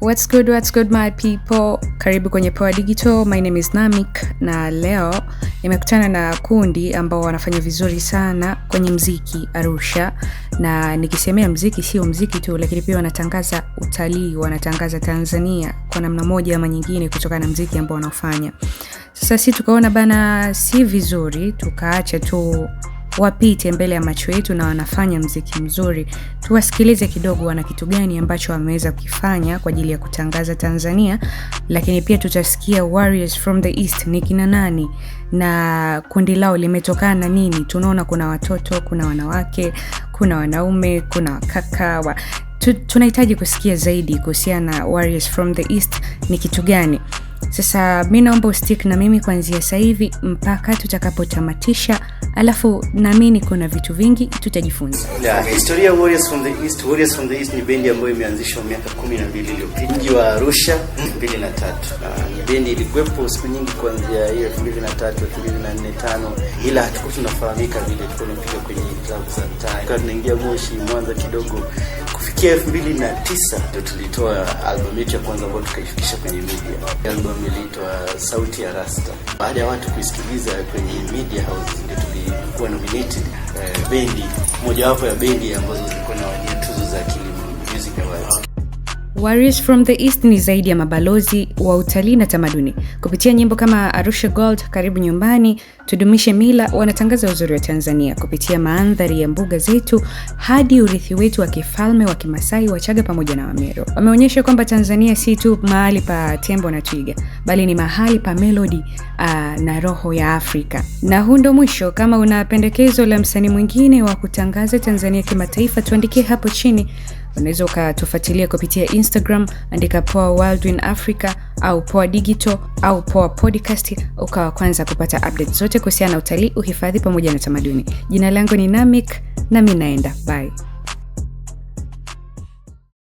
What's good, what's good my people, karibu kwenye Power Digital. My name is Namik na leo nimekutana na kundi ambao wanafanya vizuri sana kwenye mziki Arusha, na nikisemea mziki sio mziki tu, lakini pia wanatangaza utalii, wanatangaza Tanzania kwa namna moja ama nyingine kutokana na mziki ambao wanaofanya. Sasa si tukaona bana, si vizuri tukaacha tu wapite mbele ya macho yetu na wanafanya mziki mzuri. Tuwasikilize kidogo, wana kitu gani ambacho wameweza kukifanya kwa ajili ya kutangaza Tanzania, lakini pia tutasikia Warriors from the East ni kina nani na kundi lao limetokana na nini. Tunaona kuna watoto, kuna wanawake, kuna wanaume, kuna wakaka wa tunahitaji kusikia zaidi kuhusiana na Warriors from the East ni kitu gani. Sasa mi naomba ustik na mimi kuanzia sasa hivi mpaka tutakapotamatisha, alafu naamini kuna vitu vingi tutajifunza. Yeah, historia Warriors from the East. Warriors from the East ni bendi ambayo imeanzishwa miaka 12 iliyopita mji wa Arusha 2003, mm, na ah, bendi ilikuwepo siku nyingi kuanzia hiyo 2003 2004 tano, ila hatukuwa tunafahamika vile, tulikuwa tunapiga kwenye club za mtaa, tunaingia Moshi, Mwanza kidogo kufikia tisa ndio tulitoa albamu yetu ya kwanza ambayo tukaifikisha kwenye media. Albamu iliitwa Sauti ya Rasta. Baada ya watu kuisikiliza kwenye media house, ndio tulikuwa nominated uh, bendi mojawapo ya bendi ambazo zilikuwa na wania tuzo za Kilimo Music Awards. Warriors from the East ni zaidi ya mabalozi wa utalii na tamaduni. Kupitia nyimbo kama Arusha Gold, Karibu Nyumbani, Tudumishe Mila, wanatangaza uzuri wa Tanzania kupitia maandhari ya mbuga zetu hadi urithi wetu wa kifalme wa Kimasai, Wachaga pamoja na Wameru. Wameonyesha kwamba Tanzania si tu mahali pa tembo na twiga, bali ni mahali pa melodi uh, ah, na roho ya Afrika. Na huu ndo mwisho. Kama una pendekezo la msanii mwingine wa kutangaza Tanzania kimataifa, tuandikie hapo chini. Unaweza ukatufuatilia kupitia Instagram, andika Poa Wildwin Africa au Poa Digital au Poa Podcast, ukawa kwanza kupata update zote kuhusiana na utalii, uhifadhi pamoja na tamaduni. Jina langu ni Namik nami naenda bye.